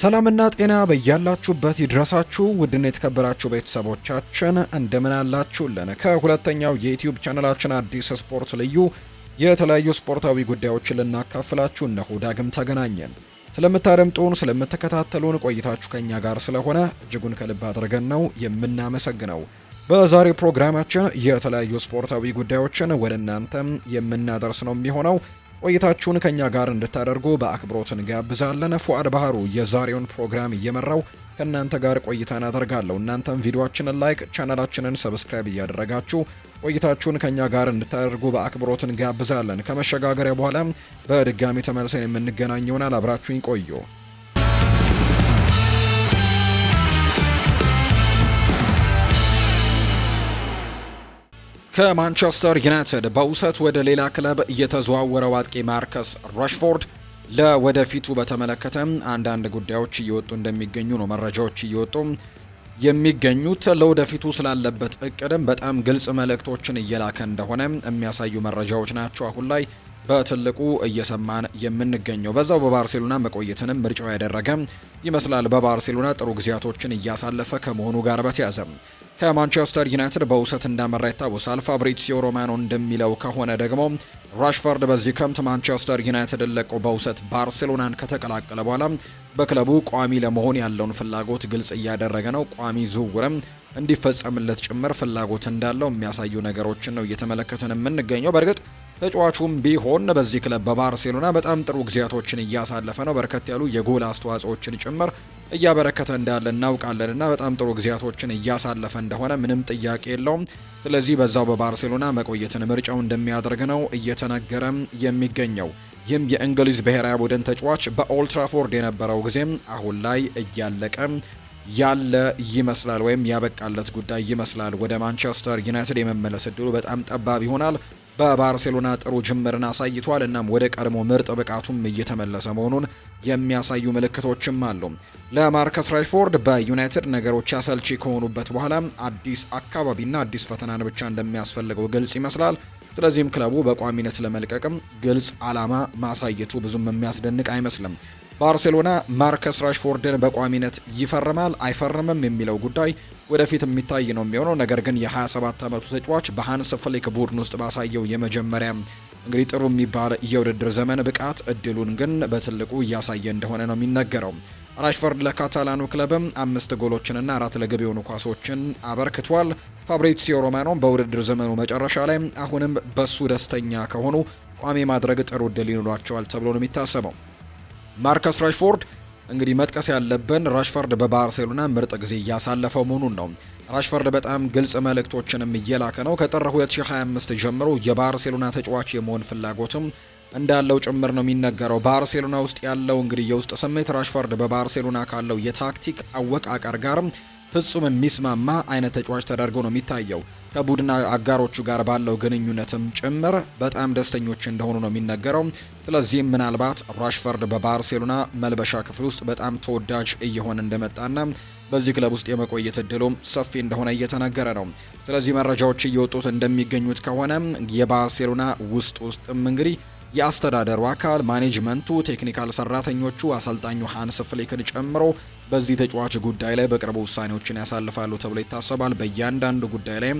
ሰላምና ጤና በያላችሁበት ይድረሳችሁ። ውድን የተከበራችሁ ቤተሰቦቻችን እንደምን አላችሁልን? ከሁለተኛው የዩትዩብ ቻነላችን አዲስ ስፖርት ልዩ የተለያዩ ስፖርታዊ ጉዳዮችን ልናካፍላችሁ እነሆ ዳግም ተገናኘን። ስለምታደምጡን፣ ስለምትከታተሉን ቆይታችሁ ከኛ ጋር ስለሆነ እጅጉን ከልብ አድርገን ነው የምናመሰግነው። በዛሬው ፕሮግራማችን የተለያዩ ስፖርታዊ ጉዳዮችን ወደ እናንተም የምናደርስ ነው የሚሆነው ቆይታችሁን ከኛ ጋር እንድታደርጉ በአክብሮት እንጋብዛለን። ፉአድ ባህሩ የዛሬውን ፕሮግራም እየመራው ከእናንተ ጋር ቆይታን አደርጋለሁ። እናንተም ቪዲዮችንን ላይክ፣ ቻናላችንን ሰብስክራይብ እያደረጋችሁ ቆይታችሁን ከኛ ጋር እንድታደርጉ በአክብሮት እንጋብዛለን። ከመሸጋገሪያ በኋላ በድጋሚ ተመልሰን የምንገናኘውናል። አብራችሁኝ ቆዩ። ከማንቸስተር ዩናይትድ በውሰት ወደ ሌላ ክለብ እየተዘዋወረው አጥቂ ማርከስ ራሽፎርድ ለወደፊቱ በተመለከተ አንዳንድ ጉዳዮች እየወጡ እንደሚገኙ ነው መረጃዎች እየወጡ የሚገኙት። ለወደፊቱ ስላለበት እቅድም በጣም ግልጽ መልእክቶችን እየላከ እንደሆነ የሚያሳዩ መረጃዎች ናቸው አሁን ላይ በትልቁ እየሰማን የምንገኘው በዛው በባርሴሎና መቆየትንም ምርጫው ያደረገ ይመስላል። በባርሴሎና ጥሩ ጊዜያቶችን እያሳለፈ ከመሆኑ ጋር በተያያዘ ከማንቸስተር ዩናይትድ በውሰት እንዳመራ ይታወሳል። ፋብሪሲዮ ሮማኖ እንደሚለው ከሆነ ደግሞ ራሽፎርድ በዚህ ክረምት ማንቸስተር ዩናይትድ ለቆ በውሰት ባርሴሎናን ከተቀላቀለ በኋላ በክለቡ ቋሚ ለመሆን ያለውን ፍላጎት ግልጽ እያደረገ ነው። ቋሚ ዝውውርም እንዲፈጸምለት ጭምር ፍላጎት እንዳለው የሚያሳዩ ነገሮችን ነው እየተመለከትን የምንገኘው በእርግጥ ተጫዋቹም ቢሆን በዚህ ክለብ በባርሴሎና በጣም ጥሩ ጊዜያቶችን እያሳለፈ ነው። በርከት ያሉ የጎል አስተዋጽኦችን ጭምር እያበረከተ እንዳለ እናውቃለንና በጣም ጥሩ ጊዜያቶችን እያሳለፈ እንደሆነ ምንም ጥያቄ የለውም። ስለዚህ በዛው በባርሴሎና መቆየትን ምርጫው እንደሚያደርግ ነው እየተነገረም የሚገኘው። ይህም የእንግሊዝ ብሔራዊ ቡድን ተጫዋች በኦልትራፎርድ የነበረው ጊዜም አሁን ላይ እያለቀ ያለ ይመስላል ወይም ያበቃለት ጉዳይ ይመስላል። ወደ ማንቸስተር ዩናይትድ የመመለስ እድሉ በጣም ጠባብ ይሆናል። በባርሴሎና ጥሩ ጅምርን አሳይቷል። እናም ወደ ቀድሞ ምርጥ ብቃቱም እየተመለሰ መሆኑን የሚያሳዩ ምልክቶችም አሉ። ለማርከስ ራሽፎርድ በዩናይትድ ነገሮች አሰልቺ ከሆኑበት በኋላ አዲስ አካባቢና አዲስ ፈተናን ብቻ እንደሚያስፈልገው ግልጽ ይመስላል። ስለዚህም ክለቡ በቋሚነት ለመልቀቅም ግልጽ ዓላማ ማሳየቱ ብዙም የሚያስደንቅ አይመስልም። ባርሴሎና ማርከስ ራሽፎርድን በቋሚነት ይፈርማል አይፈርምም የሚለው ጉዳይ ወደፊት የሚታይ ነው የሚሆነው። ነገር ግን የ27 ዓመቱ ተጫዋች በሃንስ ፍሊክ ቡድን ውስጥ ባሳየው የመጀመሪያ እንግዲህ ጥሩ የሚባል የውድድር ዘመን ብቃት እድሉን ግን በትልቁ እያሳየ እንደሆነ ነው የሚነገረው። ራሽፎርድ ለካታላኑ ክለብም አምስት ጎሎችንና አራት ለግብ የሆኑ ኳሶችን አበርክቷል። ፋብሪዚዮ ሮማኖም በውድድር ዘመኑ መጨረሻ ላይ አሁንም በሱ ደስተኛ ከሆኑ ቋሚ ማድረግ ጥሩ እድል ይኖራቸዋል ተብሎ ነው የሚታሰበው። ማርከስ ራሽፎርድ እንግዲህ መጥቀስ ያለብን ራሽፈርድ በባርሴሎና ምርጥ ጊዜ እያሳለፈው መሆኑን ነው። ራሽፈርድ በጣም ግልጽ መልእክቶችንም እየላከ ነው። ከጥር 2025 ጀምሮ የባርሴሎና ተጫዋች የመሆን ፍላጎትም እንዳለው ጭምር ነው የሚነገረው። ባርሴሎና ውስጥ ያለው እንግዲህ የውስጥ ስሜት ራሽፈርድ በባርሴሎና ካለው የታክቲክ አወቃቀር ጋርም ፍጹም የሚስማማ አይነት ተጫዋች ተደርጎ ነው የሚታየው። ከቡድን አጋሮቹ ጋር ባለው ግንኙነትም ጭምር በጣም ደስተኞች እንደሆኑ ነው የሚነገረው። ስለዚህም ምናልባት ራሽፈርድ በባርሴሎና መልበሻ ክፍል ውስጥ በጣም ተወዳጅ እየሆነ እንደመጣና በዚህ ክለብ ውስጥ የመቆየት እድሉም ሰፊ እንደሆነ እየተነገረ ነው። ስለዚህ መረጃዎች እየወጡት እንደሚገኙት ከሆነ የባርሴሎና ውስጥ ውስጥም እንግዲህ የአስተዳደሩ አካል ማኔጅመንቱ፣ ቴክኒካል ሰራተኞቹ፣ አሰልጣኙ ሃንስ ፍሊክን ጨምሮ በዚህ ተጫዋች ጉዳይ ላይ በቅርቡ ውሳኔዎችን ያሳልፋሉ ተብሎ ይታሰባል። በእያንዳንዱ ጉዳይ ላይ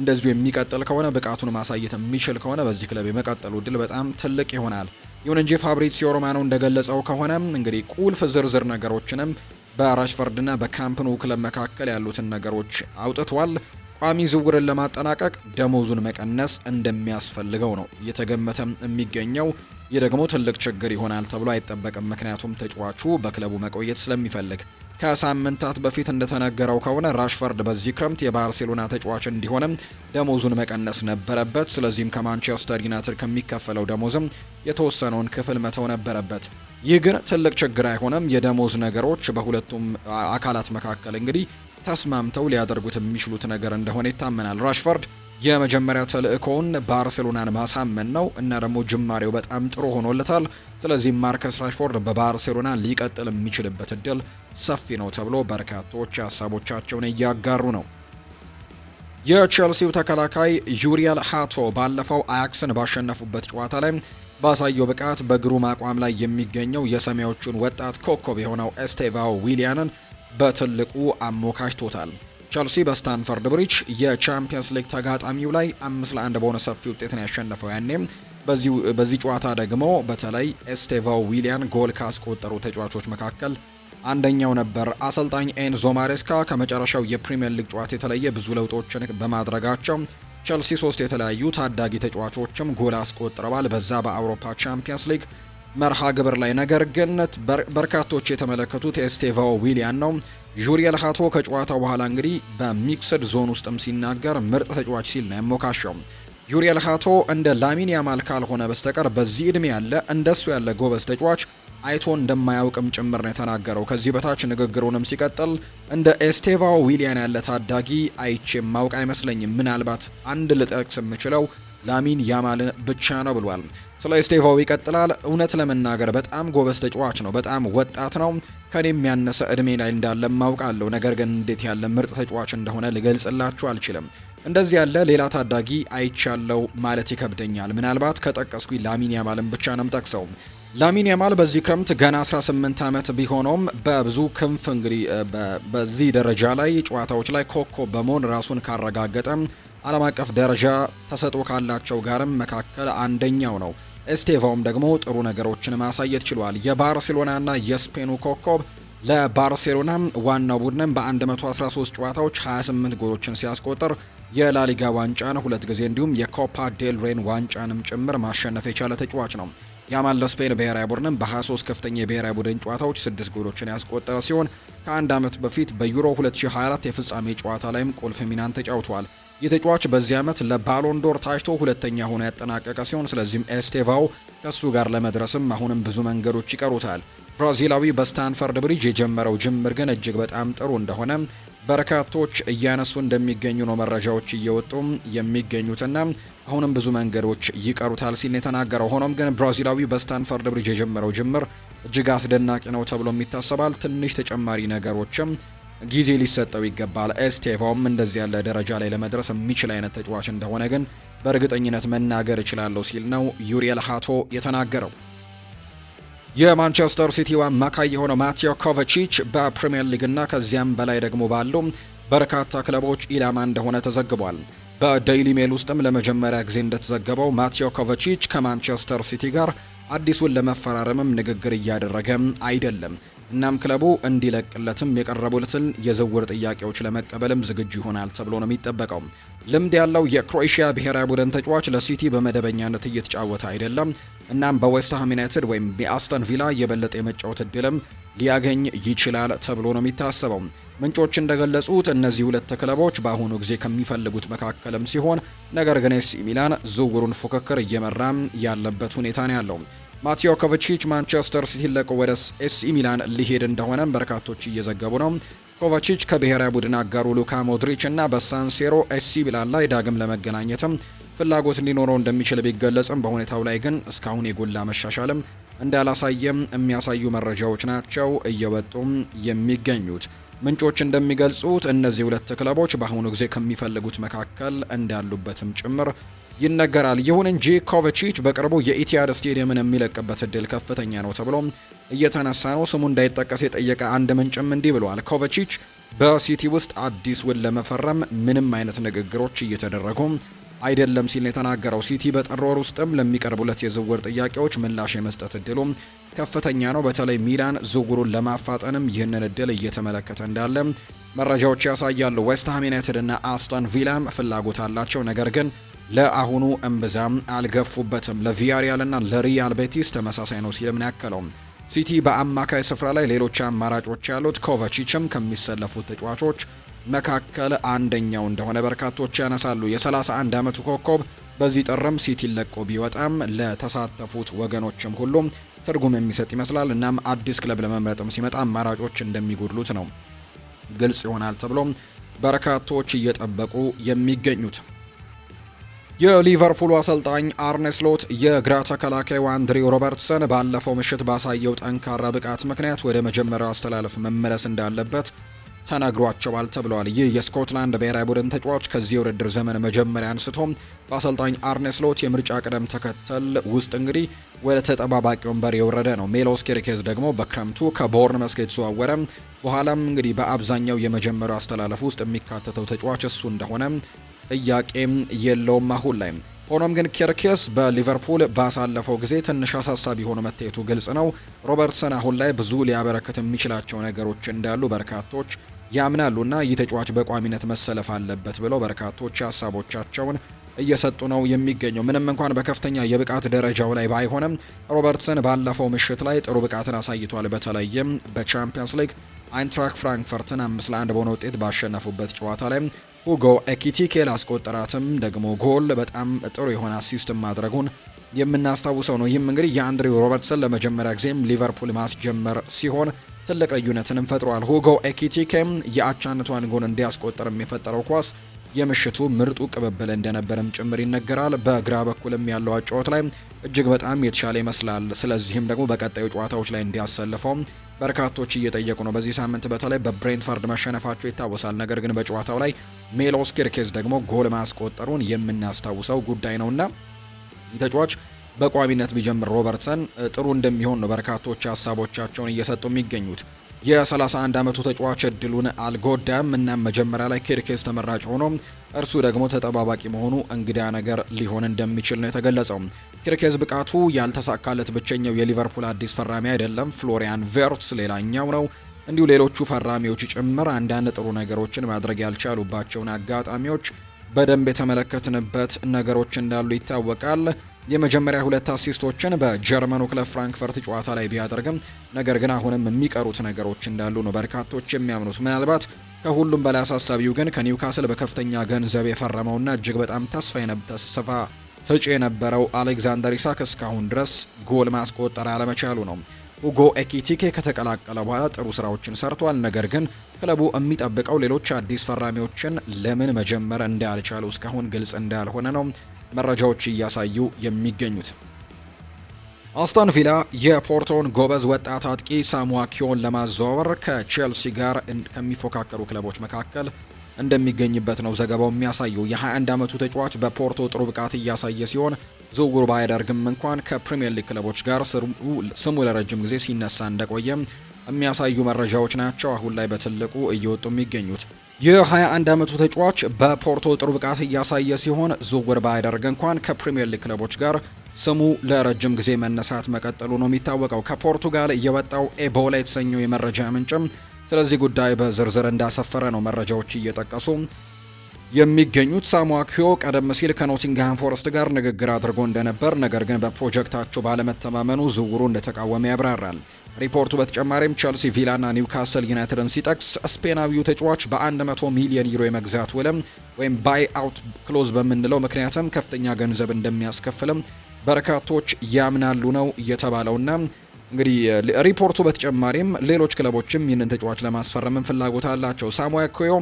እንደዚሁ የሚቀጥል ከሆነ ብቃቱን ማሳየት የሚችል ከሆነ በዚህ ክለብ የመቀጠሉ እድል በጣም ትልቅ ይሆናል። ይሁን እንጂ ፋብሪሲዮ ሮማኖ እንደገለጸው ከሆነ እንግዲህ ቁልፍ ዝርዝር ነገሮችንም በራሽፈርድና በካምፕኑ ክለብ መካከል ያሉትን ነገሮች አውጥቷል። ቋሚ ዝውውርን ለማጠናቀቅ ደሞዙን መቀነስ እንደሚያስፈልገው ነው እየተገመተም የሚገኘው። ይህ ደግሞ ትልቅ ችግር ይሆናል ተብሎ አይጠበቅም፣ ምክንያቱም ተጫዋቹ በክለቡ መቆየት ስለሚፈልግ። ከሳምንታት በፊት እንደተነገረው ከሆነ ራሽፈርድ በዚህ ክረምት የባርሴሎና ተጫዋች እንዲሆንም ደሞዙን መቀነስ ነበረበት። ስለዚህም ከማንቸስተር ዩናይትድ ከሚከፈለው ደሞዝም የተወሰነውን ክፍል መተው ነበረበት። ይህ ግን ትልቅ ችግር አይሆንም። የደሞዝ ነገሮች በሁለቱም አካላት መካከል እንግዲህ ተስማምተው ሊያደርጉት የሚችሉት ነገር እንደሆነ ይታመናል። ራሽፈርድ የመጀመሪያው ተልእኮውን ባርሴሎናን ማሳመን ነው እና ደግሞ ጅማሬው በጣም ጥሩ ሆኖለታል። ስለዚህ ማርከስ ራሽፎርድ በባርሴሎና ሊቀጥል የሚችልበት እድል ሰፊ ነው ተብሎ በርካቶች ሀሳቦቻቸውን እያጋሩ ነው። የቼልሲው ተከላካይ ዩሪየል ሃቶ ባለፈው አያክስን ባሸነፉበት ጨዋታ ላይ ባሳየው ብቃት በግሩም አቋም ላይ የሚገኘው የሰሜዎቹን ወጣት ኮከብ የሆነው ኤስቴቫው ዊሊያንን በትልቁ አሞካሽቶታል። ቸልሲ በስታንፈርድ ብሪጅ የቻምፒየንስ ሊግ ተጋጣሚው ላይ አምስት ለአንድ በሆነ ሰፊ ውጤት ነው ያሸነፈው። ያኔም በዚህ ጨዋታ ደግሞ በተለይ ኤስቴቫ ዊሊያን ጎል ካስቆጠሩ ተጫዋቾች መካከል አንደኛው ነበር። አሰልጣኝ ኤንዞ ማሬስካ ከመጨረሻው የፕሪምየር ሊግ ጨዋታ የተለየ ብዙ ለውጦችን በማድረጋቸው ቸልሲ ሶስት የተለያዩ ታዳጊ ተጫዋቾችም ጎል አስቆጥረዋል በዛ በአውሮፓ ቻምፒየንስ ሊግ መርሃ ግብር ላይ። ነገር ግን በርካቶች የተመለከቱት ኤስቴቫ ዊሊያን ነው። ዡሪየል ሀቶ ከጨዋታው በኋላ እንግዲህ በሚክስድ ዞን ውስጥም ሲናገር ምርጥ ተጫዋች ሲል ነው ያሞካሸው። ዩሪየል ሀቶ እንደ ላሚን ያማል ካልሆነ በስተቀር በዚህ እድሜ ያለ እንደሱ ያለ ጎበዝ ተጫዋች አይቶ እንደማያውቅም ጭምር ነው የተናገረው። ከዚህ በታች ንግግሩንም ሲቀጥል እንደ ኤስቴቫ ዊሊያን ያለ ታዳጊ አይቼ ማውቅ አይመስለኝም። ምናልባት አንድ ልጠቅስ የምችለው ላሚን ያማል ብቻ ነው ብሏል። ስለ ስቴቫው ይቀጥላል። እውነት ለመናገር በጣም ጎበዝ ተጫዋች ነው። በጣም ወጣት ነው። ከኔ የሚያነሰ እድሜ ላይ እንዳለ ማውቃለሁ። ነገር ግን እንዴት ያለ ምርጥ ተጫዋች እንደሆነ ልገልጽላችሁ አልችልም። እንደዚህ ያለ ሌላ ታዳጊ አይቻለው ማለት ይከብደኛል። ምናልባት ከጠቀስኩኝ ላሚን ያማልን ብቻ ነው ጠቅሰው ላሚን ያማል በዚህ ክረምት ገና 18 ዓመት ቢሆነውም በብዙ ክንፍ እንግዲህ በዚህ ደረጃ ላይ ጨዋታዎች ላይ ኮከብ በመሆን ራሱን ካረጋገጠ ዓለም አቀፍ ደረጃ ተሰጥኦ ካላቸው ጋርም መካከል አንደኛው ነው። ኤስቴቫውም ደግሞ ጥሩ ነገሮችን ማሳየት ችሏል። የባርሴሎናና የስፔኑ ኮከብ ለባርሴሎና ዋናው ቡድንም በ113 ጨዋታዎች 28 ጎሎችን ሲያስቆጥር የላሊጋ ዋንጫን ሁለት ጊዜ እንዲሁም የኮፓ ዴል ሬን ዋንጫንም ጭምር ማሸነፍ የቻለ ተጫዋች ነው። ያማን ለስፔን ብሔራዊ ቡድንም በ23 ከፍተኛ የብሔራዊ ቡድን ጨዋታዎች 6 ጎሎችን ያስቆጠረ ሲሆን ከአንድ ዓመት በፊት በዩሮ 2024 የፍጻሜ ጨዋታ ላይም ቁልፍ ሚናን ተጫውተዋል። ይህ ተጫዋች በዚህ ዓመት ለባሎንዶር ታጭቶ ሁለተኛ ሆኖ ያጠናቀቀ ሲሆን ስለዚህም ኤስቴቫው ከእሱ ጋር ለመድረስም አሁንም ብዙ መንገዶች ይቀሩታል። ብራዚላዊ በስታንፈርድ ብሪጅ የጀመረው ጅምር ግን እጅግ በጣም ጥሩ እንደሆነ በርካቶች እያነሱ እንደሚገኙ ነው መረጃዎች እየወጡ የሚገኙትና አሁንም ብዙ መንገዶች ይቀሩታል ሲል የተናገረው። ሆኖም ግን ብራዚላዊው በስታንፈርድ ብሪጅ የጀመረው ጅምር እጅግ አስደናቂ ነው ተብሎ የሚታሰባል። ትንሽ ተጨማሪ ነገሮችም ጊዜ ሊሰጠው ይገባል። ኤስቴቫውም እንደዚህ ያለ ደረጃ ላይ ለመድረስ የሚችል አይነት ተጫዋች እንደሆነ ግን በእርግጠኝነት መናገር እችላለሁ ሲል ነው ዩሪየል ሃቶ የተናገረው። የማንቸስተር ሲቲው አማካይ የሆነው ማቴዮ ኮቨቺች በፕሪምየር ሊግና ከዚያም በላይ ደግሞ ባሉ በርካታ ክለቦች ኢላማ እንደሆነ ተዘግቧል። በዴይሊ ሜል ውስጥም ለመጀመሪያ ጊዜ እንደተዘገበው ማቴዮ ኮቨቺች ከማንቸስተር ሲቲ ጋር አዲሱን ለመፈራረምም ንግግር እያደረገ አይደለም። እናም ክለቡ እንዲለቅለትም የቀረቡለትን የዝውውር ጥያቄዎች ለመቀበልም ዝግጁ ይሆናል ተብሎ ነው የሚጠበቀው። ልምድ ያለው የክሮኤሽያ ብሔራዊ ቡድን ተጫዋች ለሲቲ በመደበኛነት እየተጫወተ አይደለም። እናም በዌስትሃም ዩናይትድ ወይም በአስተን ቪላ የበለጠ የመጫወት እድልም ሊያገኝ ይችላል ተብሎ ነው የሚታሰበው። ምንጮች እንደገለጹት እነዚህ ሁለት ክለቦች በአሁኑ ጊዜ ከሚፈልጉት መካከልም ሲሆን ነገር ግን ኤሲ ሚላን ዝውውሩን ፉክክር እየመራም ያለበት ሁኔታ ነው ያለው። ማቲዮ ኮቫቺች ማንቸስተር ሲቲ ለቆ ወደ ኤሲ ሚላን ሊሄድ እንደሆነ በርካቶች እየዘገቡ ነው። ኮቫቺች ከብሔራዊ ቡድን አጋሩ ሉካ ሞድሪች እና በሳንሴሮ ኤሲ ሚላን ላይ ዳግም ለመገናኘትም ፍላጎት ሊኖረው እንደሚችል ቢገለጽም በሁኔታው ላይ ግን እስካሁን የጎላ መሻሻልም እንዳላሳየም የሚያሳዩ መረጃዎች ናቸው እየወጡም የሚገኙት። ምንጮች እንደሚገልጹት እነዚህ ሁለት ክለቦች በአሁኑ ጊዜ ከሚፈልጉት መካከል እንዳሉበትም ጭምር ይነገራል። ይሁን እንጂ ኮቫቺች በቅርቡ የኢቲያድ ስቴዲየምን የሚለቅበት እድል ከፍተኛ ነው ተብሎ እየተነሳ ነው። ስሙ እንዳይጠቀስ የጠየቀ አንድ ምንጭም እንዲህ ብለዋል። ኮቫቺች በሲቲ ውስጥ አዲስ ውል ለመፈረም ምንም አይነት ንግግሮች እየተደረጉ አይደለም ሲል የተናገረው ሲቲ በጥር ወር ውስጥም ለሚቀርቡለት የዝውውር ጥያቄዎች ምላሽ የመስጠት እድሉ ከፍተኛ ነው። በተለይ ሚላን ዝውውሩን ለማፋጠንም ይህንን እድል እየተመለከተ እንዳለ መረጃዎች ያሳያሉ። ዌስትሃም ዩናይትድ እና አስተን ቪላም ፍላጎት አላቸው ነገር ግን ለአሁኑ እምብዛም አልገፉበትም። ለቪያሪያልና ለሪያል ቤቲስ ተመሳሳይ ነው ሲልም ያከለው። ሲቲ በአማካይ ስፍራ ላይ ሌሎች አማራጮች ያሉት ኮቫቺችም ከሚሰለፉት ተጫዋቾች መካከል አንደኛው እንደሆነ በርካቶች ያነሳሉ። የ31 ዓመቱ ኮከብ በዚህ ጥርም ሲቲ ለቆ ቢወጣም ለተሳተፉት ወገኖችም ሁሉም ትርጉም የሚሰጥ ይመስላል። እናም አዲስ ክለብ ለመምረጥም ሲመጣ አማራጮች እንደሚጎድሉት ነው ግልጽ ይሆናል ተብሎ በርካቶች እየጠበቁ የሚገኙት የሊቨርፑሉ አሰልጣኝ አርኔስ ሎት የግራ ተከላካዩ አንድሪው ሮበርትሰን ባለፈው ምሽት ባሳየው ጠንካራ ብቃት ምክንያት ወደ መጀመሪያው አስተላለፍ መመለስ እንዳለበት ተነግሯቸዋል ተብሏል። ይህ የስኮትላንድ ብሔራዊ ቡድን ተጫዋች ከዚህ የውድድር ዘመን መጀመሪያ አንስቶ በአሰልጣኝ አርኔስ ሎት የምርጫ ቅደም ተከተል ውስጥ እንግዲህ ወደ ተጠባባቂ ወንበር የወረደ ነው። ሜሎስ ኬርኬዝ ደግሞ በክረምቱ ከቦርንመስ የተዘዋወረ በኋላም እንግዲህ በአብዛኛው የመጀመሪያው አስተላለፍ ውስጥ የሚካተተው ተጫዋች እሱ እንደሆነ ጥያቄም የለውም አሁን ላይ። ሆኖም ግን ኬርኬስ በሊቨርፑል ባሳለፈው ጊዜ ትንሽ አሳሳቢ ሆኖ መታየቱ ግልጽ ነው። ሮበርትሰን አሁን ላይ ብዙ ሊያበረክት የሚችላቸው ነገሮች እንዳሉ በርካቶች ያምናሉና ይህ ተጫዋች በቋሚነት መሰለፍ አለበት ብለው በርካቶች ሀሳቦቻቸውን እየሰጡ ነው የሚገኘው። ምንም እንኳን በከፍተኛ የብቃት ደረጃው ላይ ባይሆንም ሮበርትሰን ባለፈው ምሽት ላይ ጥሩ ብቃትን አሳይቷል። በተለይም በቻምፒየንስ ሊግ አይንትራክ ፍራንክፈርትን አምስት ለአንድ በሆነ ውጤት ባሸነፉበት ጨዋታ ላይ ሁጎ ኤኪቲኬ ላስቆጠራትም ደግሞ ጎል በጣም ጥሩ የሆነ አሲስትም ማድረጉን የምናስታውሰው ነው። ይህም እንግዲህ የአንድሪው ሮበርትሰን ለመጀመሪያ ጊዜም ሊቨርፑል ማስጀመር ሲሆን ትልቅ ልዩነትንም ፈጥሯል። ሁጎ ኤኪቲኬም የአቻነቷን ጎል እንዲያስቆጠርም የፈጠረው ኳስ የምሽቱ ምርጡ ቅብብል እንደነበረም ጭምር ይነገራል። በግራ በኩልም ያለው አጫወት ላይ እጅግ በጣም የተሻለ ይመስላል። ስለዚህም ደግሞ በቀጣዩ ጨዋታዎች ላይ እንዲያሰልፈው በርካቶች እየጠየቁ ነው። በዚህ ሳምንት በተለይ በብሬንትፈርድ መሸነፋቸው ይታወሳል። ነገር ግን በጨዋታው ላይ ሜሎስ ኪርኬዝ ደግሞ ጎል ማስቆጠሩን የምናስታውሰው ጉዳይ ነውና ተጫዋች በቋሚነት ቢጀምር ሮበርትሰን ጥሩ እንደሚሆን ነው በርካቶች ሀሳቦቻቸውን እየሰጡ የሚገኙት። የ31 ዓመቱ ተጫዋች እድሉን አልጎዳም። እናም መጀመሪያ ላይ ኬርኬዝ ተመራጭ ሆኖ እርሱ ደግሞ ተጠባባቂ መሆኑ እንግዳ ነገር ሊሆን እንደሚችል ነው የተገለጸው። ኬርኬዝ ብቃቱ ያልተሳካለት ብቸኛው የሊቨርፑል አዲስ ፈራሚ አይደለም። ፍሎሪያን ቬርትስ ሌላኛው ነው። እንዲሁ ሌሎቹ ፈራሚዎች ጭምር አንዳንድ ጥሩ ነገሮችን ማድረግ ያልቻሉባቸውን አጋጣሚዎች በደንብ የተመለከትንበት ነገሮች እንዳሉ ይታወቃል። የመጀመሪያ ሁለት አሲስቶችን በጀርመኑ ክለብ ፍራንክፈርት ጨዋታ ላይ ቢያደርግም ነገር ግን አሁንም የሚቀሩት ነገሮች እንዳሉ ነው በርካቶች የሚያምኑት። ምናልባት ከሁሉም በላይ አሳሳቢው ግን ከኒውካስል በከፍተኛ ገንዘብ የፈረመውና እጅግ በጣም ተስፋ ተስፋ ሰጪ የነበረው አሌክዛንደር ኢሳክ እስካሁን ድረስ ጎል ማስቆጠር አለመቻሉ ነው። ሁጎ ኤኪቲኬ ከተቀላቀለ በኋላ ጥሩ ስራዎችን ሰርቷል። ነገር ግን ክለቡ የሚጠብቀው ሌሎች አዲስ ፈራሚዎችን ለምን መጀመር እንዳልቻሉ እስካሁን ግልጽ እንዳልሆነ ነው መረጃዎች እያሳዩ የሚገኙት። አስተን ቪላ የፖርቶን ጎበዝ ወጣት አጥቂ ሳሙዋኪዮን ለማዘዋወር ከቼልሲ ጋር ከሚፎካከሩ ክለቦች መካከል እንደሚገኝበት ነው ዘገባው የሚያሳየው። የ21 ዓመቱ ተጫዋች በፖርቶ ጥሩ ብቃት እያሳየ ሲሆን ዝውውሩ ባያደርግም እንኳን ከፕሪምየር ሊግ ክለቦች ጋር ስሙ ለረጅም ጊዜ ሲነሳ እንደቆየም የሚያሳዩ መረጃዎች ናቸው አሁን ላይ በትልቁ እየወጡ የሚገኙት። የ21 ዓመቱ ተጫዋች በፖርቶ ጥሩ ብቃት እያሳየ ሲሆን ዝውውር ባያደርግ እንኳን ከፕሪምየር ሊግ ክለቦች ጋር ስሙ ለረጅም ጊዜ መነሳት መቀጠሉ ነው የሚታወቀው። ከፖርቱጋል የወጣው ኤቦላ የተሰኘው የመረጃ ምንጭም ስለዚህ ጉዳይ በዝርዝር እንዳሰፈረ ነው መረጃዎች እየጠቀሱ የሚገኙት ሳሙዋ ቀደም ሲል ከኖቲንግሃም ፎረስት ጋር ንግግር አድርጎ እንደነበር ነገር ግን በፕሮጀክታቸው ባለመተማመኑ ዝውውሩ እንደተቃወመ ያብራራል። ሪፖርቱ በተጨማሪም ቸልሲ፣ ቪላና ኒውካስል ዩናይትድን ሲጠቅስ ስፔናዊው ተጫዋች በ100 ሚሊዮን ዩሮ የመግዛት ውልም ወይም ባይ አውት ክሎዝ በምንለው ምክንያትም ከፍተኛ ገንዘብ እንደሚያስከፍልም በርካቶች ያምናሉ ነው እየተባለውና እንግዲህ ሪፖርቱ በተጨማሪም ሌሎች ክለቦችም ይህንን ተጫዋች ለማስፈረምን ፍላጎት አላቸው። ሳሙኤል ኮዮ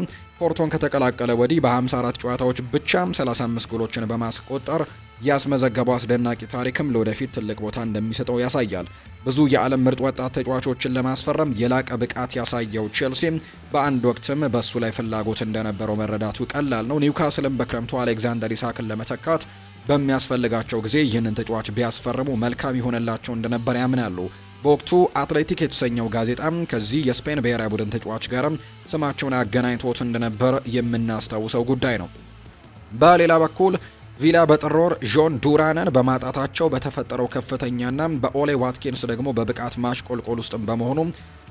ፖርቶን ከተቀላቀለ ወዲህ በ54 ጨዋታዎች ብቻም 35 ጎሎችን በማስቆጠር ያስመዘገበው አስደናቂ ታሪክም ለወደፊት ትልቅ ቦታ እንደሚሰጠው ያሳያል። ብዙ የዓለም ምርጥ ወጣት ተጫዋቾችን ለማስፈረም የላቀ ብቃት ያሳየው ቼልሲ በአንድ ወቅትም በእሱ ላይ ፍላጎት እንደነበረው መረዳቱ ቀላል ነው። ኒውካስልም በክረምቱ አሌክዛንደር ኢሳክን ለመተካት በሚያስፈልጋቸው ጊዜ ይህንን ተጫዋች ቢያስፈርሙ መልካም ይሆንላቸው እንደነበር ያምናሉ። በወቅቱ አትሌቲክ የተሰኘው ጋዜጣ ከዚህ የስፔን ብሔራዊ ቡድን ተጫዋች ጋርም ስማቸውን አገናኝቶት እንደነበር የምናስታውሰው ጉዳይ ነው። በሌላ በኩል ቪላ በጥሮር ዦን ዱራንን በማጣታቸው በተፈጠረው ከፍተኛና በኦሌ ዋትኪንስ ደግሞ በብቃት ማሽቆልቆል ውስጥም በመሆኑ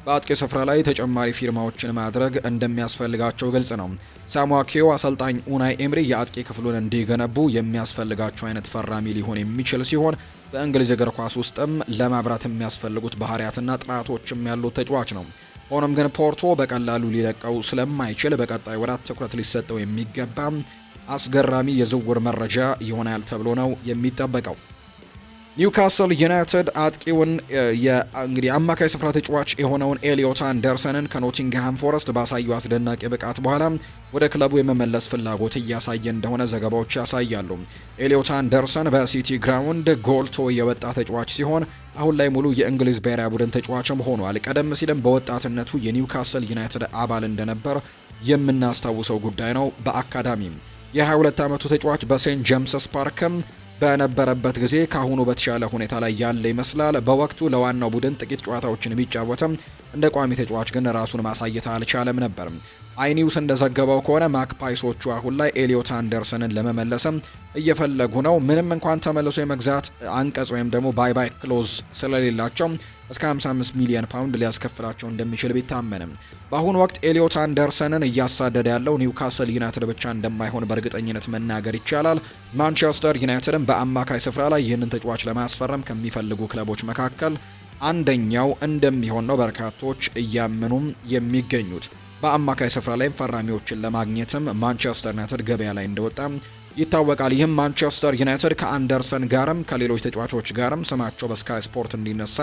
በአጥቂ ስፍራ ላይ ተጨማሪ ፊርማዎችን ማድረግ እንደሚያስፈልጋቸው ግልጽ ነው። ሳሟኪዮ አሰልጣኝ ኡናይ ኤምሪ የአጥቂ ክፍሉን እንዲገነቡ የሚያስፈልጋቸው አይነት ፈራሚ ሊሆን የሚችል ሲሆን በእንግሊዝ እግር ኳስ ውስጥም ለማብራት የሚያስፈልጉት ባህሪያትና ጥራቶችም ያሉት ተጫዋች ነው። ሆኖም ግን ፖርቶ በቀላሉ ሊለቀው ስለማይችል በቀጣይ ወራት ትኩረት ሊሰጠው የሚገባ አስገራሚ የዝውውር መረጃ ይሆናል ተብሎ ነው የሚጠበቀው። ኒውካስል ዩናይትድ አጥቂውን እንግዲህ አማካይ ስፍራ ተጫዋች የሆነውን ኤሊዮት አንደርሰንን ከኖቲንግሃም ፎረስት ባሳዩ አስደናቂ ብቃት በኋላ ወደ ክለቡ የመመለስ ፍላጎት እያሳየ እንደሆነ ዘገባዎች ያሳያሉ። ኤሊዮት አንደርሰን በሲቲ ግራውንድ ጎልቶ የወጣ ተጫዋች ሲሆን አሁን ላይ ሙሉ የእንግሊዝ ብሔራዊ ቡድን ተጫዋችም ሆኗል። ቀደም ሲልም በወጣትነቱ የኒውካስል ዩናይትድ አባል እንደነበር የምናስታውሰው ጉዳይ ነው። በአካዳሚም የ22 ዓመቱ ተጫዋች በሴንት ጀምስስ ፓርክም በነበረበት ጊዜ ከአሁኑ በተሻለ ሁኔታ ላይ ያለ ይመስላል። በወቅቱ ለዋናው ቡድን ጥቂት ጨዋታዎችን ቢጫወትም እንደ ቋሚ ተጫዋች ግን ራሱን ማሳየት አልቻለም ነበር። አይኒውስ እንደዘገበው ከሆነ ማክፓይሶቹ አሁን ላይ ኤሊዮት አንደርሰንን ለመመለስም እየፈለጉ ነው። ምንም እንኳን ተመልሶ የመግዛት አንቀጽ ወይም ደግሞ ባይ ባይ ክሎዝ ስለሌላቸው እስከ 55 ሚሊዮን ፓውንድ ሊያስከፍላቸው እንደሚችል ቢታመንም በአሁኑ ወቅት ኤሊዮት አንደርሰንን እያሳደደ ያለው ኒውካስል ዩናይትድ ብቻ እንደማይሆን በእርግጠኝነት መናገር ይቻላል። ማንቸስተር ዩናይትድን በአማካይ ስፍራ ላይ ይህንን ተጫዋች ለማስፈረም ከሚፈልጉ ክለቦች መካከል አንደኛው እንደሚሆን ነው በርካቶች እያመኑም የሚገኙት። በአማካይ ስፍራ ላይ ፈራሚዎችን ለማግኘትም ማንቸስተር ዩናይትድ ገበያ ላይ እንደወጣ ይታወቃል። ይህም ማንቸስተር ዩናይትድ ከአንደርሰን ጋርም ከሌሎች ተጫዋቾች ጋርም ስማቸው በስካይ ስፖርት እንዲነሳ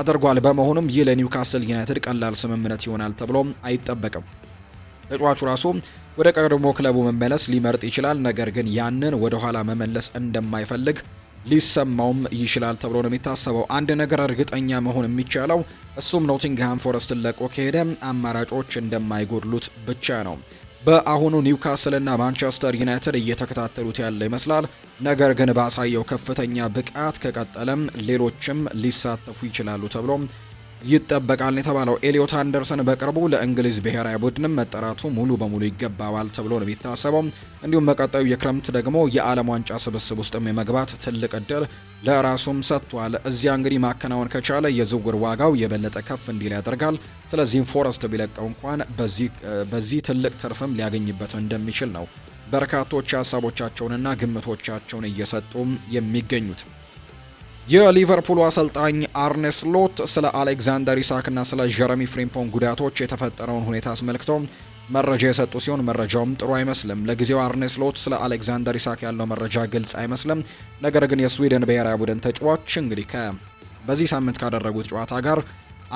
አድርጓል። በመሆኑም ይህ ለኒውካስል ዩናይትድ ቀላል ስምምነት ይሆናል ተብሎ አይጠበቅም። ተጫዋቹ ራሱ ወደ ቀድሞ ክለቡ መመለስ ሊመርጥ ይችላል። ነገር ግን ያንን ወደኋላ መመለስ እንደማይፈልግ ሊሰማውም ይችላል ተብሎ ነው የሚታሰበው። አንድ ነገር እርግጠኛ መሆን የሚቻለው እሱም ኖቲንግሃም ፎረስትን ለቆ ከሄደ አማራጮች እንደማይጎድሉት ብቻ ነው። በአሁኑ ኒውካስልና ማንቸስተር ዩናይትድ እየተከታተሉት ያለ ይመስላል። ነገር ግን ባሳየው ከፍተኛ ብቃት ከቀጠለም ሌሎችም ሊሳተፉ ይችላሉ ተብሎ ይጠበቃል የተባለው ኤሊዮት አንደርሰን በቅርቡ ለእንግሊዝ ብሔራዊ ቡድንም መጠራቱ ሙሉ በሙሉ ይገባዋል ተብሎ ነው የሚታሰበው። እንዲሁም በቀጣዩ የክረምት ደግሞ የዓለም ዋንጫ ስብስብ ውስጥም የመግባት ትልቅ እድል ለራሱም ሰጥቷል። እዚያ እንግዲህ ማከናወን ከቻለ የዝውውር ዋጋው የበለጠ ከፍ እንዲል ያደርጋል። ስለዚህም ፎረስት ቢለቀው እንኳን በዚህ ትልቅ ትርፍም ሊያገኝበት እንደሚችል ነው በርካቶች ሀሳቦቻቸውንና ግምቶቻቸውን እየሰጡም የሚገኙት። የሊቨርፑል አሰልጣኝ አርኔ ስሎት ስለ አሌክዛንደር ኢሳክና ስለ ጀረሚ ፍሪምፖን ጉዳቶች የተፈጠረውን ሁኔታ አስመልክቶ መረጃ የሰጡ ሲሆን መረጃውም ጥሩ አይመስልም። ለጊዜው አርኔ ስሎት ስለ አሌክዛንደር ኢሳክ ያለው መረጃ ግልጽ አይመስልም። ነገር ግን የስዊድን ብሔራዊ ቡድን ተጫዋች እንግዲህ በዚህ ሳምንት ካደረጉት ጨዋታ ጋር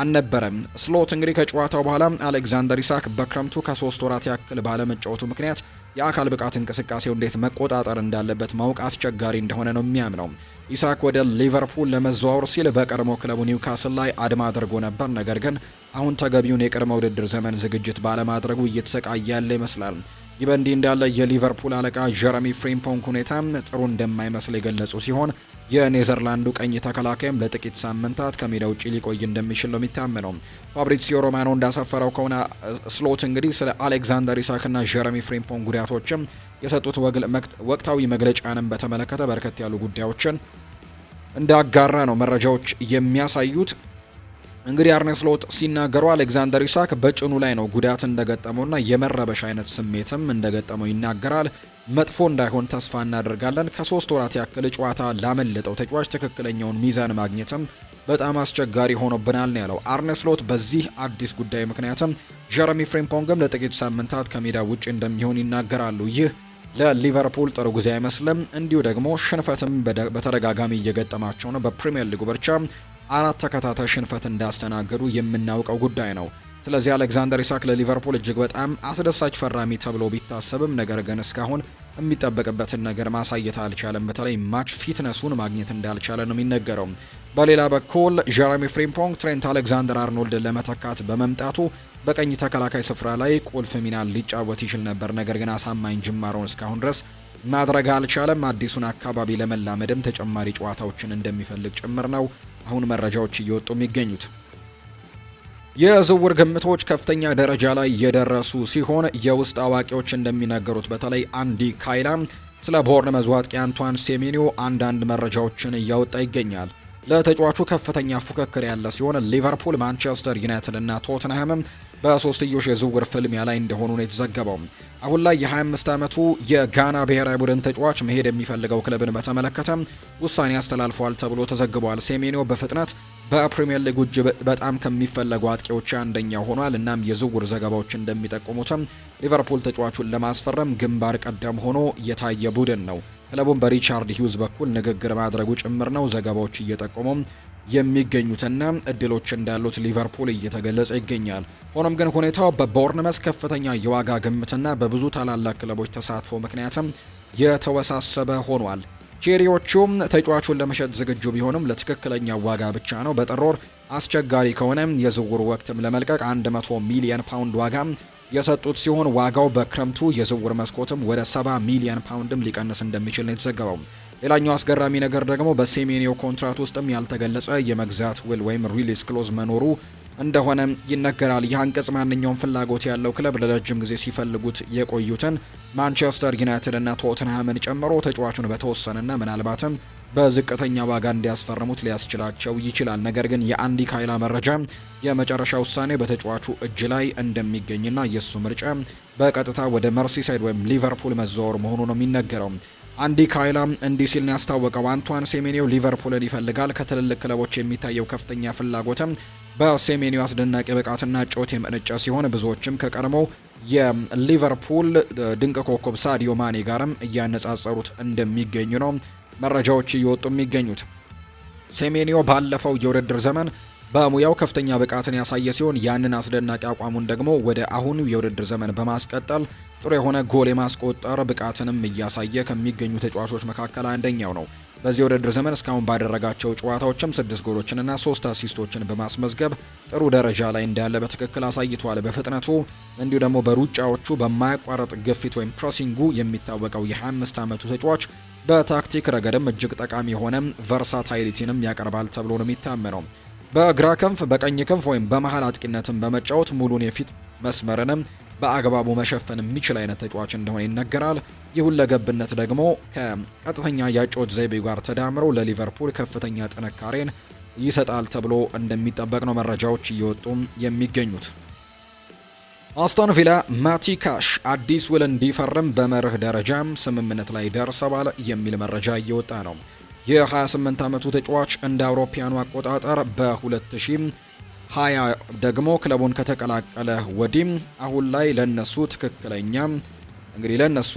አልነበረም። ስሎት እንግዲህ ከጨዋታው በኋላ አሌክዛንደር ኢሳክ በክረምቱ ከሶስት ወራት ያክል ባለመጫወቱ ምክንያት የአካል ብቃት እንቅስቃሴው እንዴት መቆጣጠር እንዳለበት ማወቅ አስቸጋሪ እንደሆነ ነው የሚያምነው። ኢሳክ ወደ ሊቨርፑል ለመዘዋወር ሲል በቀድሞ ክለቡ ኒውካስል ላይ አድማ አድርጎ ነበር። ነገር ግን አሁን ተገቢውን የቅድመ ውድድር ዘመን ዝግጅት ባለማድረጉ እየተሰቃየ ያለ ይመስላል። ይህ በእንዲህ እንዳለ የሊቨርፑል አለቃ ጀረሚ ፍሪምፖንክ ሁኔታ ጥሩ እንደማይመስል የገለጹ ሲሆን የኔዘርላንዱ ቀኝ ተከላካይም ለጥቂት ሳምንታት ከሜዳ ውጭ ሊቆይ እንደሚችል ነው የሚታመነው። ፋብሪሲዮ ሮማኖ እንዳሰፈረው ከሆነ ስሎት እንግዲህ ስለ አሌክዛንደር ኢሳክና ጀረሚ ፍሪምፖን ጉዳቶችም የሰጡት ወቅታዊ መግለጫንም በተመለከተ በርከት ያሉ ጉዳዮችን እንዳጋራ ነው መረጃዎች የሚያሳዩት። እንግዲህ አርኔ ስሎት ሲናገሩ አሌክዛንደር ኢሳክ በጭኑ ላይ ነው ጉዳት እንደገጠመውና የመረበሽ አይነት ስሜትም እንደገጠመው ይናገራል። መጥፎ እንዳይሆን ተስፋ እናደርጋለን። ከሶስት ወራት ያክል ጨዋታ ላመለጠው ተጫዋች ትክክለኛውን ሚዛን ማግኘትም በጣም አስቸጋሪ ሆኖብናል ነው ያለው አርነ ስሎት። በዚህ አዲስ ጉዳይ ምክንያትም ጀረሚ ፍሪምፖንግም ለጥቂት ሳምንታት ከሜዳ ውጭ እንደሚሆን ይናገራሉ። ይህ ለሊቨርፑል ጥሩ ጊዜ አይመስልም። እንዲሁ ደግሞ ሽንፈትም በተደጋጋሚ እየገጠማቸው ነው። በፕሪምየር ሊጉ ብቻ አራት ተከታታይ ሽንፈት እንዳስተናገዱ የምናውቀው ጉዳይ ነው። ስለዚህ አሌክዛንደር ኢሳክ ለሊቨርፑል እጅግ በጣም አስደሳች ፈራሚ ተብሎ ቢታሰብም ነገር ግን እስካሁን የሚጠበቅበትን ነገር ማሳየት አልቻለም። በተለይ ማች ፊትነሱን ማግኘት እንዳልቻለ ነው የሚነገረው። በሌላ በኩል ጀረሚ ፍሪምፖንግ ትሬንት አሌክዛንደር አርኖልድን ለመተካት በመምጣቱ በቀኝ ተከላካይ ስፍራ ላይ ቁልፍ ሚናን ሊጫወት ይችል ነበር። ነገር ግን አሳማኝ ጅማሮን እስካሁን ድረስ ማድረግ አልቻለም። አዲሱን አካባቢ ለመላመድም ተጨማሪ ጨዋታዎችን እንደሚፈልግ ጭምር ነው አሁን መረጃዎች እየወጡ የሚገኙት። የዝውውር ግምቶች ከፍተኛ ደረጃ ላይ የደረሱ ሲሆን የውስጥ አዋቂዎች እንደሚናገሩት በተለይ አንዲ ካይላ ስለ ቦርንመዝ አጥቂ አንቷን ሴሜኒዮ አንዳንድ መረጃዎችን እያወጣ ይገኛል። ለተጫዋቹ ከፍተኛ ፉክክር ያለ ሲሆን ሊቨርፑል፣ ማንቸስተር ዩናይትድ እና ቶትንሃምም በሶስትዮሽ የዝውውር ፍልሚያ ላይ እንደሆኑ ነው የተዘገበው። አሁን ላይ የ25 ዓመቱ የጋና ብሔራዊ ቡድን ተጫዋች መሄድ የሚፈልገው ክለብን በተመለከተ ውሳኔ አስተላልፏል ተብሎ ተዘግቧል። ሴሜኒዮ በፍጥነት በፕሪምየር ሊግ ውጭ በጣም ከሚፈለጉ አጥቂዎች አንደኛው ሆኗል። እናም የዝውውር ዘገባዎች እንደሚጠቁሙትም ሊቨርፑል ተጫዋቹን ለማስፈረም ግንባር ቀደም ሆኖ የታየ ቡድን ነው። ክለቡም በሪቻርድ ሂውዝ በኩል ንግግር ማድረጉ ጭምር ነው ዘገባዎች እየጠቆሙ የሚገኙትና እድሎች እንዳሉት ሊቨርፑል እየተገለጸ ይገኛል። ሆኖም ግን ሁኔታው በቦርንመስ ከፍተኛ የዋጋ ግምትና በብዙ ታላላቅ ክለቦች ተሳትፎ ምክንያትም የተወሳሰበ ሆኗል። ቼሪዎቹም ተጫዋቹን ለመሸጥ ዝግጁ ቢሆንም ለትክክለኛ ዋጋ ብቻ ነው። በጥር አስቸጋሪ ከሆነ የዝውውር ወቅትም ለመልቀቅ 100 ሚሊዮን ፓውንድ ዋጋ የሰጡት ሲሆን ዋጋው በክረምቱ የዝውውር መስኮትም ወደ 70 ሚሊዮን ፓውንድም ሊቀንስ እንደሚችል ነው የተዘገበው። ሌላኛው አስገራሚ ነገር ደግሞ በሴሜኒዮ ኮንትራት ውስጥም ያልተገለጸ የመግዛት ውል ወይም ሪሊስ ክሎዝ መኖሩ እንደሆነ ይነገራል። ይህ አንቀጽ ማንኛውም ፍላጎት ያለው ክለብ ለረጅም ጊዜ ሲፈልጉት የቆዩትን ማንቸስተር ዩናይትድ እና ቶትንሃምን ጨምሮ ተጫዋቹን በተወሰነና ምናልባትም በዝቅተኛ ዋጋ እንዲያስፈርሙት ሊያስችላቸው ይችላል። ነገር ግን የአንዲ ካይላ መረጃ የመጨረሻ ውሳኔ በተጫዋቹ እጅ ላይ እንደሚገኝና የእሱ ምርጫ በቀጥታ ወደ መርሲሳይድ ወይም ሊቨርፑል መዘወር መሆኑ ነው የሚነገረው። አንዲ ካይላ እንዲህ ሲል ነው ያስታወቀው። አንቷን ሴሜኒዮ ሊቨርፑልን ይፈልጋል። ከትልልቅ ክለቦች የሚታየው ከፍተኛ ፍላጎትም በሴሜኒዮ አስደናቂ ብቃትና ጮት የመነጨ ሲሆን ብዙዎችም ከቀድሞው የሊቨርፑል ድንቅ ኮከብ ሳዲዮ ማኔ ጋርም እያነጻጸሩት እንደሚገኙ ነው መረጃዎች እየወጡ የሚገኙት። ሴሜኒዮ ባለፈው የውድድር ዘመን በሙያው ከፍተኛ ብቃትን ያሳየ ሲሆን ያንን አስደናቂ አቋሙን ደግሞ ወደ አሁኑ የውድድር ዘመን በማስቀጠል ጥሩ የሆነ ጎል የማስቆጠር ብቃትንም እያሳየ ከሚገኙ ተጫዋቾች መካከል አንደኛው ነው። በዚህ የውድድር ዘመን እስካሁን ባደረጋቸው ጨዋታዎችም ስድስት ጎሎችንና ሶስት አሲስቶችን በማስመዝገብ ጥሩ ደረጃ ላይ እንዳለ በትክክል አሳይቷል። በፍጥነቱ እንዲሁ ደግሞ በሩጫዎቹ በማያቋረጥ ግፊት ወይም ፕሬሲንጉ የሚታወቀው የ25 ዓመቱ ተጫዋች በታክቲክ ረገድም እጅግ ጠቃሚ የሆነ ቨርሳታይሊቲንም ያቀርባል ተብሎ ነው የሚታመነው። በግራ ክንፍ፣ በቀኝ ክንፍ ወይም በመሀል አጥቂነትን በመጫወት ሙሉን የፊት መስመርንም በአግባቡ መሸፈን የሚችል አይነት ተጫዋች እንደሆነ ይነገራል። ይህ ሁለገብነት ደግሞ ከቀጥተኛ የአጨዋወት ዘይቤው ጋር ተዳምሮ ለሊቨርፑል ከፍተኛ ጥንካሬን ይሰጣል ተብሎ እንደሚጠበቅ ነው መረጃዎች እየወጡ የሚገኙት። አስቶን ቪላ ማቲ ካሽ አዲስ ውል እንዲፈርም በመርህ ደረጃም ስምምነት ላይ ደርሰዋል የሚል መረጃ እየወጣ ነው። የ28 ዓመቱ ተጫዋች እንደ አውሮፓያኑ አቆጣጠር በ2020 ደግሞ ክለቡን ከተቀላቀለ ወዲህ አሁን ላይ ለነሱ ትክክለኛ እንግዲህ ለነሱ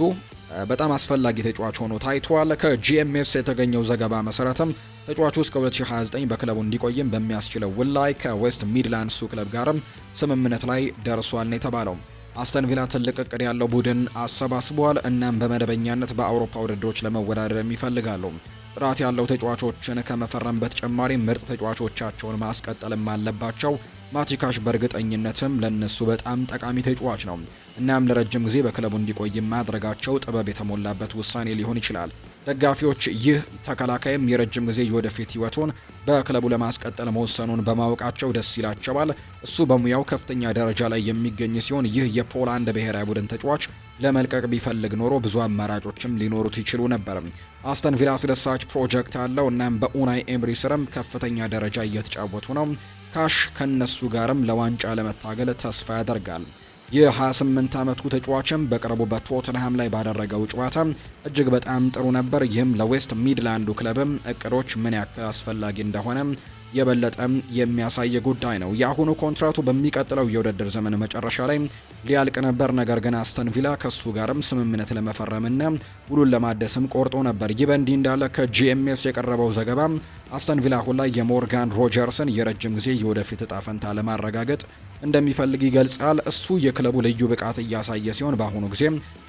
በጣም አስፈላጊ ተጫዋች ሆኖ ታይቷል። ከጂኤምኤስ የተገኘው ዘገባ መሰረትም ተጫዋቹ እስከ 2029 በክለቡ እንዲቆይም በሚያስችለው ውል ላይ ከዌስት ሚድላንድሱ ክለብ ጋርም ስምምነት ላይ ደርሷል ነው የተባለው። አስተን ቪላ ትልቅ እቅድ ያለው ቡድን አሰባስቧል። እናም በመደበኛነት በአውሮፓ ውድድሮች ለመወዳደር ይፈልጋሉ። ጥራት ያለው ተጫዋቾችን ከመፈረም በተጨማሪ ምርጥ ተጫዋቾቻቸውን ማስቀጠልም አለባቸው። ማቲካሽ በእርግጠኝነትም ለነሱ በጣም ጠቃሚ ተጫዋች ነው። እናም ለረጅም ጊዜ በክለቡ እንዲቆይ ማድረጋቸው ጥበብ የተሞላበት ውሳኔ ሊሆን ይችላል። ደጋፊዎች ይህ ተከላካይም የረጅም ጊዜ የወደፊት ህይወቱን በክለቡ ለማስቀጠል መወሰኑን በማወቃቸው ደስ ይላቸዋል። እሱ በሙያው ከፍተኛ ደረጃ ላይ የሚገኝ ሲሆን ይህ የፖላንድ ብሔራዊ ቡድን ተጫዋች ለመልቀቅ ቢፈልግ ኖሮ ብዙ አማራጮችም ሊኖሩት ይችሉ ነበር። አስተን ቪላ አስደሳች ፕሮጀክት አለው። እናም በኡናይ ኤምሪ ስርም ከፍተኛ ደረጃ እየተጫወቱ ነው። ካሽ ከነሱ ጋርም ለዋንጫ ለመታገል ተስፋ ያደርጋል። የ28 ዓመቱ ተጫዋችም በቅርቡ በቶትንሃም ላይ ባደረገው ጨዋታ እጅግ በጣም ጥሩ ነበር። ይህም ለዌስት ሚድላንዱ ክለብም እቅዶች ምን ያክል አስፈላጊ እንደሆነ የበለጠም የሚያሳይ ጉዳይ ነው። የአሁኑ ኮንትራቱ በሚቀጥለው የውድድር ዘመን መጨረሻ ላይ ሊያልቅ ነበር። ነገር ግን አስተን ቪላ ከሱ ጋርም ስምምነት ለመፈረምና ውሉን ለማደስም ቆርጦ ነበር። ይህ በእንዲህ እንዳለ ከጂኤምኤስ የቀረበው ዘገባ አስተን ቪላ አሁን ላይ የሞርጋን ሮጀርስን የረጅም ጊዜ የወደፊት እጣ ፈንታ ለማረጋገጥ እንደሚፈልግ ይገልጻል። እሱ የክለቡ ልዩ ብቃት እያሳየ ሲሆን በአሁኑ ጊዜ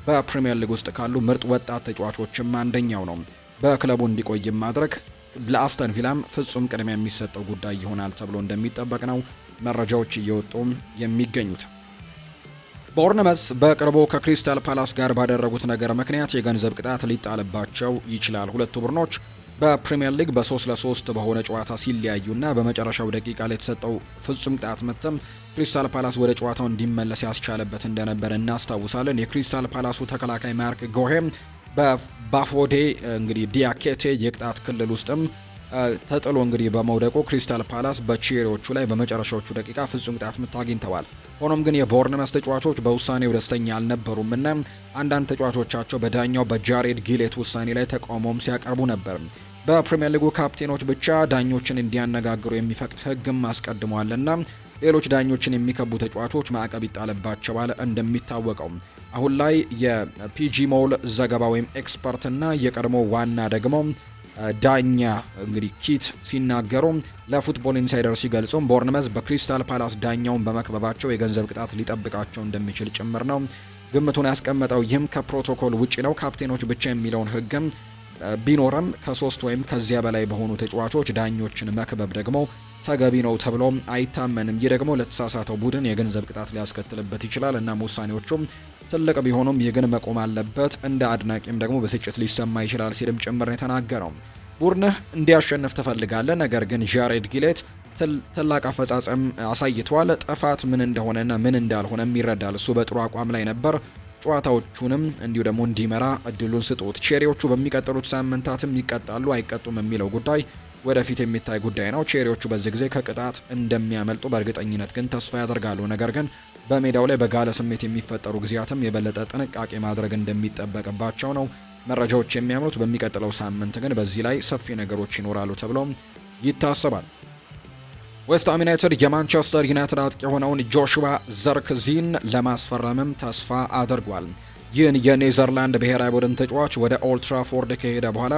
በፕሪምየር ሊግ ውስጥ ካሉ ምርጥ ወጣት ተጫዋቾችም አንደኛው ነው። በክለቡ እንዲቆይም ማድረግ ለአስተን ቪላም ፍጹም ቅድሚያ የሚሰጠው ጉዳይ ይሆናል ተብሎ እንደሚጠበቅ ነው መረጃዎች እየወጡ የሚገኙት። ቦርነመስ በቅርቡ ከክሪስታል ፓላስ ጋር ባደረጉት ነገር ምክንያት የገንዘብ ቅጣት ሊጣልባቸው ይችላል። ሁለቱ ቡድኖች በፕሪምየር ሊግ በ3 ለ3 በሆነ ጨዋታ ሲለያዩና በመጨረሻው ደቂቃ ላይ የተሰጠው ፍጹም ቅጣት ምትም ክሪስታል ፓላስ ወደ ጨዋታው እንዲመለስ ያስቻለበት እንደነበረ እናስታውሳለን። የክሪስታል ፓላሱ ተከላካይ ማርክ ጎሄም በባፎዴ እንግዲህ ዲያኬቴ የቅጣት ክልል ውስጥም ተጥሎ እንግዲህ በመውደቁ ክሪስታል ፓላስ በቼሪዎቹ ላይ በመጨረሻዎቹ ደቂቃ ፍጹም ቅጣት ምት አግኝተዋል። ሆኖም ግን የቦርንመስ ተጫዋቾች በውሳኔው ደስተኛ አልነበሩም እና አንዳንድ ተጫዋቾቻቸው በዳኛው በጃሬድ ጊሌት ውሳኔ ላይ ተቃውሞም ሲያቀርቡ ነበር። በፕሪምየር ሊጉ ካፕቴኖች ብቻ ዳኞችን እንዲያነጋግሩ የሚፈቅድ ሕግም አስቀድሟልና ሌሎች ዳኞችን የሚከቡ ተጫዋቾች ማዕቀብ ይጣልባቸዋል። እንደሚታወቀው አሁን ላይ የፒጂ ሞል ዘገባ ወይም ኤክስፐርት እና የቀድሞ ዋና ደግሞ ዳኛ እንግዲህ ኪት ሲናገሩ ለፉትቦል ኢንሳይደር ሲገልጹም ቦርንመዝ በክሪስታል ፓላስ ዳኛውን በመክበባቸው የገንዘብ ቅጣት ሊጠብቃቸው እንደሚችል ጭምር ነው ግምቱን ያስቀመጠው። ይህም ከፕሮቶኮል ውጪ ነው። ካፕቴኖች ብቻ የሚለውን ህግም ቢኖርም ከሶስት ወይም ከዚያ በላይ በሆኑ ተጫዋቾች ዳኞችን መክበብ ደግሞ ተገቢ ነው ተብሎ አይታመንም። ይህ ደግሞ ለተሳሳተው ቡድን የገንዘብ ቅጣት ሊያስከትልበት ይችላል። እናም ውሳኔዎቹም ትልቅ ቢሆኑም ይህ ግን መቆም አለበት። እንደ አድናቂም ደግሞ ብስጭት ሊሰማ ይችላል ሲልም ጭምር ነው የተናገረው። ቡድንህ እንዲያሸንፍ ትፈልጋለህ፣ ነገር ግን ዣሬድ ጊሌት ትላቅ አፈጻጸም አሳይቷል። ጥፋት ምን እንደሆነና ምን እንዳልሆነም ይረዳል። እሱ በጥሩ አቋም ላይ ነበር። ጨዋታዎቹንም እንዲሁ ደግሞ እንዲመራ እድሉን ስጡት። ቼሪዎቹ በሚቀጥሉት ሳምንታትም ይቀጣሉ አይቀጡም የሚለው ጉዳይ ወደፊት የሚታይ ጉዳይ ነው። ቼሪዎቹ በዚህ ጊዜ ከቅጣት እንደሚያመልጡ በእርግጠኝነት ግን ተስፋ ያደርጋሉ። ነገር ግን በሜዳው ላይ በጋለ ስሜት የሚፈጠሩ ጊዜያትም የበለጠ ጥንቃቄ ማድረግ እንደሚጠበቅባቸው ነው መረጃዎች የሚያምኑት። በሚቀጥለው ሳምንት ግን በዚህ ላይ ሰፊ ነገሮች ይኖራሉ ተብሎ ይታሰባል። ዌስትሃም ዩናይትድ የማንቸስተር ዩናይትድ አጥቂ የሆነውን ጆሹዋ ዘርክዚን ለማስፈረምም ተስፋ አድርጓል። ይህን የኔዘርላንድ ብሔራዊ ቡድን ተጫዋች ወደ ኦልትራፎርድ ከሄደ በኋላ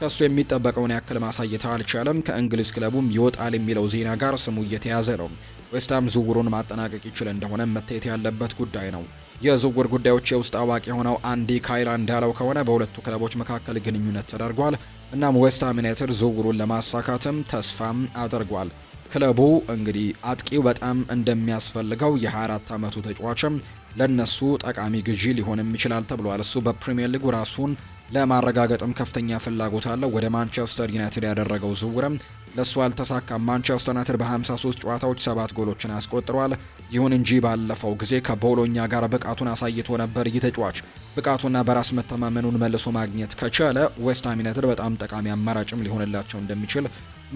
ከሱ የሚጠበቀውን ያክል ማሳየት አልቻለም። ከእንግሊዝ ክለቡም ይወጣል የሚለው ዜና ጋር ስሙ እየተያዘ ነው። ዌስትሃም ዝውውሩን ማጠናቀቅ ይችል እንደሆነ መታየት ያለበት ጉዳይ ነው። የዝውውር ጉዳዮች የውስጥ አዋቂ የሆነው አንዲ ካይላ እንዳለው ከሆነ በሁለቱ ክለቦች መካከል ግንኙነት ተደርጓል። እናም ዌስትሃም ዩናይትድ ዝውውሩን ለማሳካትም ተስፋም አድርጓል። ክለቡ እንግዲህ አጥቂው በጣም እንደሚያስፈልገው የ24 ዓመቱ ተጫዋችም ለነሱ ጠቃሚ ግዢ ሊሆንም ይችላል ተብሏል። እሱ በፕሪምየር ሊጉ ራሱን ለማረጋገጥም ከፍተኛ ፍላጎት አለው። ወደ ማንቸስተር ዩናይትድ ያደረገው ዝውውርም ለእሱ አልተሳካም። ማንቸስተር ዩናይትድ በ53 ጨዋታዎች ሰባት ጎሎችን አስቆጥሯል። ይሁን እንጂ ባለፈው ጊዜ ከቦሎኛ ጋር ብቃቱን አሳይቶ ነበር። ይህ ተጫዋች ብቃቱና በራስ መተማመኑን መልሶ ማግኘት ከቻለ ዌስትሃም ዩናይትድ በጣም ጠቃሚ አማራጭም ሊሆንላቸው እንደሚችል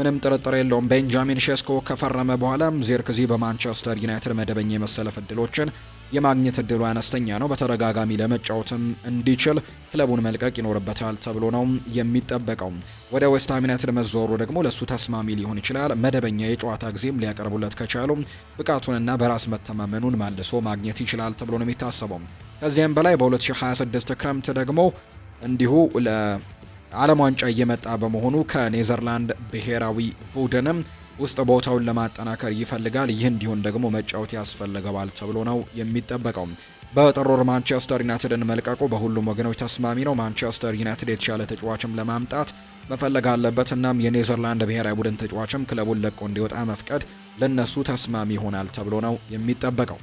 ምንም ጥርጥር የለውም። ቤንጃሚን ሼስኮ ከፈረመ በኋላም ዜርክዚ በማንቸስተር ዩናይትድ መደበኛ የመሰለፍ እድሎችን የማግኘት እድሉ አነስተኛ ነው። በተደጋጋሚ ለመጫወትም እንዲችል ክለቡን መልቀቅ ይኖርበታል ተብሎ ነው የሚጠበቀው። ወደ ዌስትሃም ዩናይትድ መዘወሩ ደግሞ ለእሱ ተስማሚ ሊሆን ይችላል። መደበኛ የጨዋታ ጊዜም ሊያቀርቡለት ከቻሉ ብቃቱንና በራስ መተማመኑን መልሶ ማግኘት ይችላል ተብሎ ነው የሚታሰበው። ከዚያም በላይ በ2026 ክረምት ደግሞ እንዲሁ ለዓለም ዋንጫ እየመጣ በመሆኑ ከኔዘርላንድ ብሔራዊ ቡድንም ውስጥ ቦታውን ለማጠናከር ይፈልጋል። ይህ እንዲሆን ደግሞ መጫወት ያስፈልገዋል ተብሎ ነው የሚጠበቀው። በጥሮር ማንቸስተር ዩናይትድን መልቀቁ በሁሉም ወገኖች ተስማሚ ነው። ማንቸስተር ዩናይትድ የተሻለ ተጫዋችም ለማምጣት መፈለግ አለበት። እናም የኔዘርላንድ ብሔራዊ ቡድን ተጫዋችም ክለቡን ለቆ እንዲወጣ መፍቀድ ለነሱ ተስማሚ ይሆናል ተብሎ ነው የሚጠበቀው።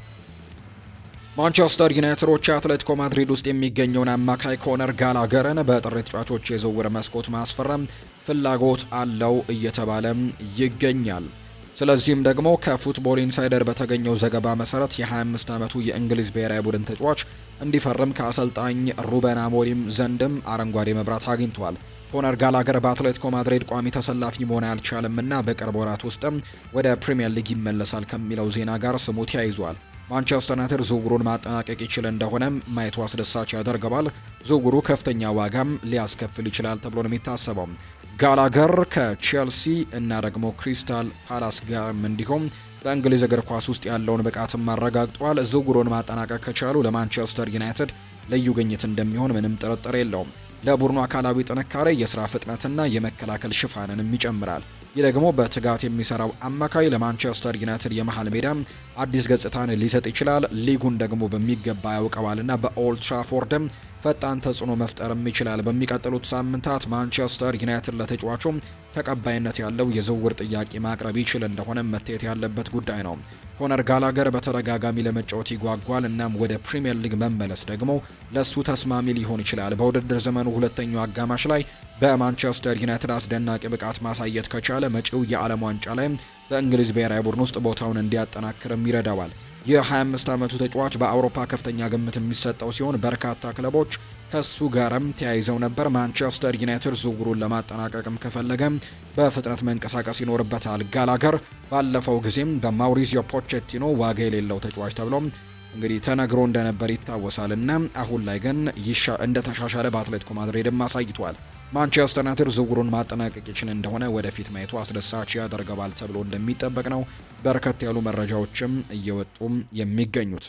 ማንቸስተር ዩናይትዶች አትሌቲኮ ማድሪድ ውስጥ የሚገኘውን አማካይ ኮነር ጋላገርን በጥር ተጫዋቾች የዝውውር መስኮት ማስፈረም ፍላጎት አለው እየተባለ ይገኛል። ስለዚህም ደግሞ ከፉትቦል ኢንሳይደር በተገኘው ዘገባ መሰረት የ25 ዓመቱ የእንግሊዝ ብሔራዊ ቡድን ተጫዋች እንዲፈርም ከአሰልጣኝ ሩበን አሞሪም ዘንድም አረንጓዴ መብራት አግኝቷል። ኮነር ጋላገር በአትሌቲኮ ማድሪድ ቋሚ ተሰላፊ መሆን እና በቅርብ ወራት ውስጥም ወደ ፕሪምየር ሊግ ይመለሳል ከሚለው ዜና ጋር ስሙ ተያይዟል። ማንቸስተር ዩናይትድ ዝውውሩን ማጠናቀቅ ይችል እንደሆነም ማየቱ አስደሳች ያደርገዋል። ዝውውሩ ከፍተኛ ዋጋም ሊያስከፍል ይችላል ተብሎ ነው የሚታሰበው። ጋላገር ከቼልሲ እና ደግሞ ክሪስታል ፓላስ ጋርም እንዲሁም በእንግሊዝ እግር ኳስ ውስጥ ያለውን ብቃትም አረጋግጧል። ዝውውሩን ማጠናቀቅ ከቻሉ ለማንቸስተር ዩናይትድ ልዩ ግኝት እንደሚሆን ምንም ጥርጥር የለውም። ለቡድኑ አካላዊ ጥንካሬ፣ የስራ ፍጥነትና የመከላከል ሽፋንንም ይጨምራል። ይህ ደግሞ በትጋት የሚሰራው አማካይ ለማንቸስተር ዩናይትድ የመሃል ሜዳ አዲስ ገጽታን ሊሰጥ ይችላል። ሊጉን ደግሞ በሚገባ ያውቀዋልና በኦልድ ፈጣን ተጽዕኖ መፍጠርም ይችላል። በሚቀጥሉት ሳምንታት ማንቸስተር ዩናይትድ ለተጫዋቹ ተቀባይነት ያለው የዝውውር ጥያቄ ማቅረብ ይችል እንደሆነ መታየት ያለበት ጉዳይ ነው። ኮነር ጋላገር በተደጋጋሚ ለመጫወት ይጓጓል። እናም ወደ ፕሪምየር ሊግ መመለስ ደግሞ ለሱ ተስማሚ ሊሆን ይችላል። በውድድር ዘመኑ ሁለተኛው አጋማሽ ላይ በማንቸስተር ዩናይትድ አስደናቂ ብቃት ማሳየት ከቻለ መጪው የዓለም ዋንጫ ላይም በእንግሊዝ ብሔራዊ ቡድን ውስጥ ቦታውን እንዲያጠናክርም ይረዳዋል። የ25 ዓመቱ ተጫዋች በአውሮፓ ከፍተኛ ግምት የሚሰጠው ሲሆን በርካታ ክለቦች ከሱ ጋርም ተያይዘው ነበር። ማንቸስተር ዩናይትድ ዝውውሩን ለማጠናቀቅም ከፈለገም በፍጥነት መንቀሳቀስ ይኖርበታል። ጋላገር ባለፈው ጊዜም በማውሪዚዮ ፖቼቲኖ ዋጋ የሌለው ተጫዋች ተብሎ እንግዲህ ተነግሮ እንደነበር ይታወሳል እና አሁን ላይ ግን እንደተሻሻለ በአትሌቲኮ ማድሪድም አሳይቷል። ማንቸስተር ዩናይትድ ዝውውሩን ማጠናቀቅ ይችል እንደሆነ ወደፊት ማየቱ አስደሳች ያደርገዋል ተብሎ እንደሚጠበቅ ነው በርከት ያሉ መረጃዎችም እየወጡም የሚገኙት።